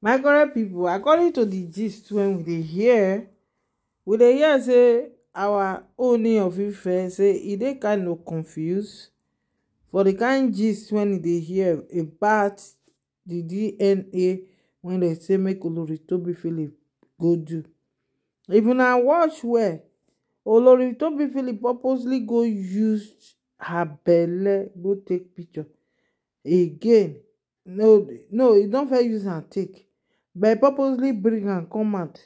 my correct people, according to the gist when we hear we they hear say our owner of Ife say e dey kind of confuse. for the kind gist when they e hear about the dna when they say make oloritobi philip go do Even I watch where, where oloritobi philip purposely go use her belle go take picture again no no e don't fair use and take By purposely bring am come out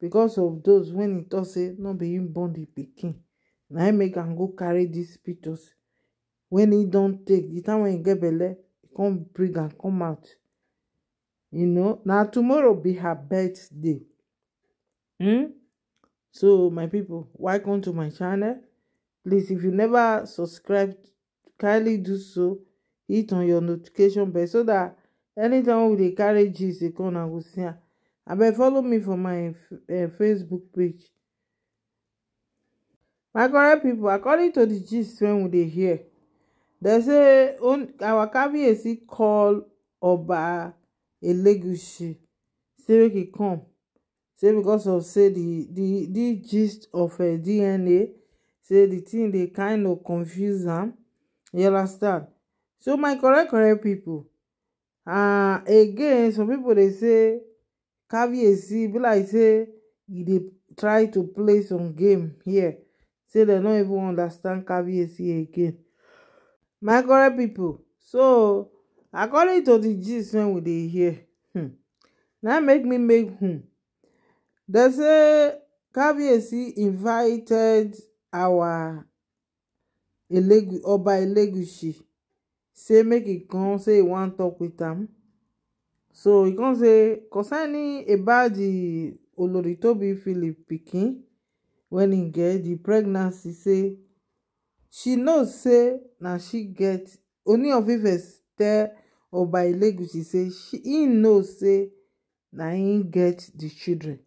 because of those when he tok say no be him born di pikin na im make am go carry these pictures When he don take the time when he get belle he come bring am come out you know na tomorrow be her birthday hmm so my people, welcome to my channel please if you never subscribe kindly do so hit on your notification bell so that anytime we dey carry gist dey come i go see am abeg follow me for my eh, facebook page my correct people, according to the gist wey we dey hear dem say our kabiyesi call oba elegushi say make e come say because of say the gist of eh, dna say the thing dey kind of confuse am you understand so my correct correct people and again some people dey say caviarcy be like say e dey try to play some game here say dem no even understand caviarcy again my correct pipo so according to di gist wey we dey hear hmm na make me make hmm dem say caviarcy invited our oba elegushi say make e come say e wan tok wit am so he come say concerning about di oloritobi philip pikin when he get the pregnancy say she know say na she get oni of ife tell oba elegushi say e know say na im get the children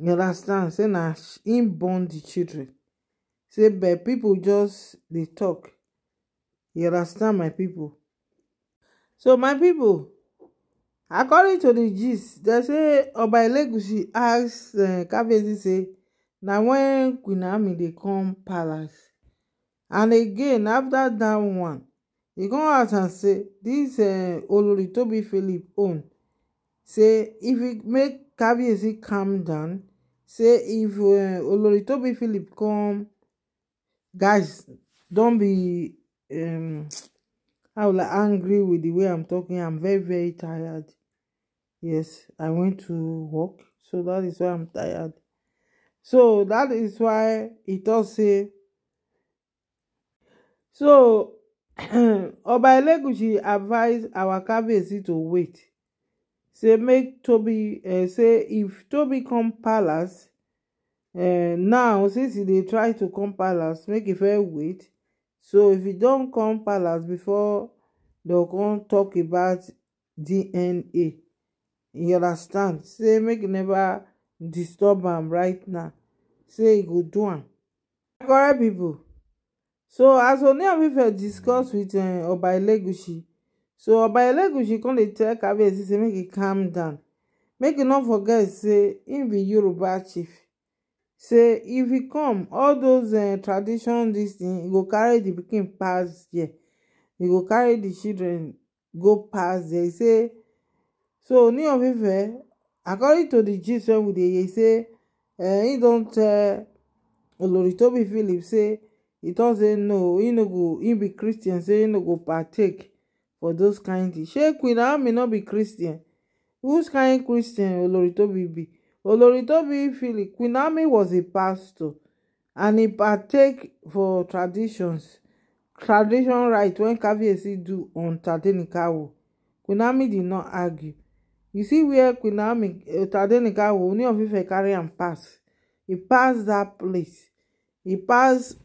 you understand say na im born the children say but people just dey talk." you understand my people so my people according to the gist they say Oba Elegushi ask uh, eh, Kabiyesi say now when Queen Naomi they come palace and again after that one he come out and say this uh, Olori Tobi Philip own say if e make Kabiyesi calm down say if uh, Olori Tobi Philip come guys don't be um how like angry with the way i'm talking i'm very very tired yes i went to work so that is why i'm tired so that is why it does say so Oba Elegushi our Kabiyesi to wait say make Toby uh, eh, say if Toby come palace uh, now since e dey try to come palace make e first wait so if you don't come palace before dem come talk about dna you understand say make never disturb him right now say e go do am correct pipo so as only of ife discuss with eh, oba elegushi so oba elegushi come dey tell kabiyesi say make e calm down make e no forget say im be yoruba chief say if e come all those eh, tradition dis tin go carry di pikin pass e go carry di e children go pass there e say. so of ife eh, according to di gist wey we dey hear e say e don tell oloritobi philip say e don say no e no go e be christian say e no go partake for those kind de. shey queen i no may not be christian which kain christian oloritobi be. oloritobi philip Kwinami was a pastor and he partake for traditions tradition right when Kabiyesi do on Tadenikawo Kwinami did not argue you see where Kwinami uh, eh, Tadenikawo Ooni of Ife carry am pass He pass that place He pass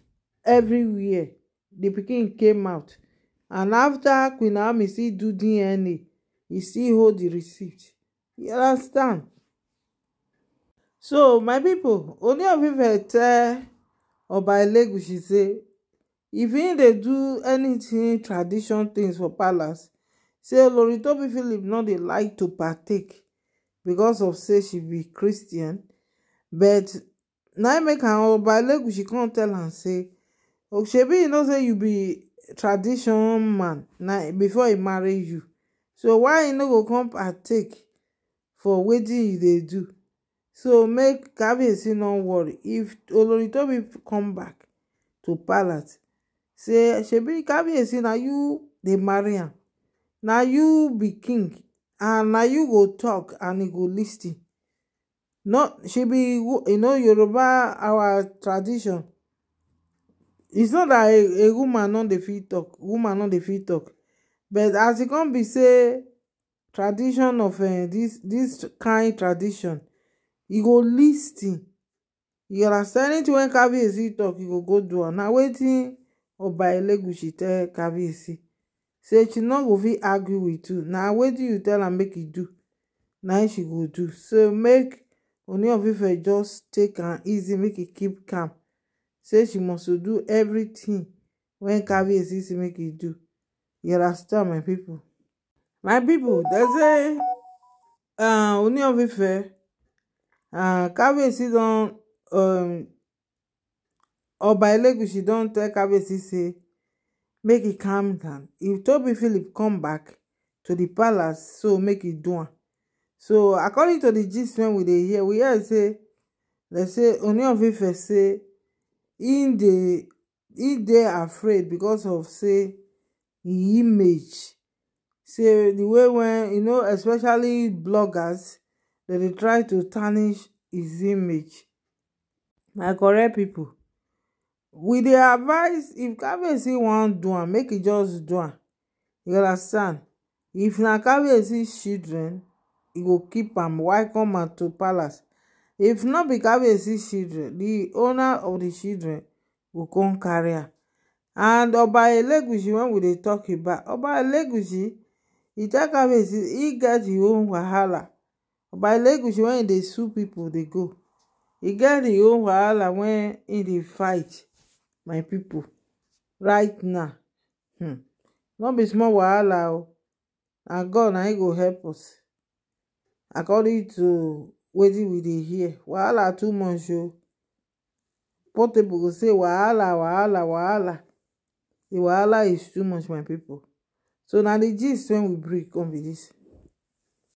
everywhere the pikin came out and after Queen Naomi still do DNA he see hold the receipt you understand so my pipo only of ife tell oba elegushi say if im dey do anytin tradition tins for palace say oloritobi philip no dey like to partake because of say she be christian but na make am oba elegushi come tell am say shebi you know say you be tradition man na before he marry you so why you no go come partake for wetin you dey do so make kabiyesi no worry if Oloritobi come back to palace say shebi kabiyesi na you the Maria? am you be king and na you go talk and he go listen? ten no she be you know yoruba our tradition it's not that a a woman no dey fit talk woman no dey fit talk but as e can be say tradition of uh, this this kind tradition e go lis ten you understand anything wey kabiyesi talk e go go do am na wetin Oba Elegushi tell kabiyesi say she no go fit argue with you na wetin you tell am make e do na she go do so make Ooni of Ife just take am easy make e keep calm say she must to do everything wey kabiyesi say make e do you understand my people my people dey say uh, Ooni of Ife and kabiyesi don um, oba elegushi don tell kabiyesi say make e calm down if Toby philip come back to the palace so make e do am so according to the gist wey we dey hear we hear say dem say oni of ife say im dey im dey afraid because of say im image say the way wen you know especially bloggers They dey try to tarnish his image my correct pipo we dey advise if kabiyesi wan do am make e just do am you understand if na kabiyesi children he go keep am welcome am to palace if not, be kabiyesi children the owner of the children go come carry am and oba elegushi when we dey tok about oba elegushi he tell kabiyesi e get im own wahala By elegushi wen e dey sue people, dey go e get im own wahala wen im e dey fight my people. right now hmm no be small wahala o na god na im e go help us according to wetin we dey hear wahala too much o portable go say wahala wahala wahala di wahala is too much my people. so na the gist when we break come be dis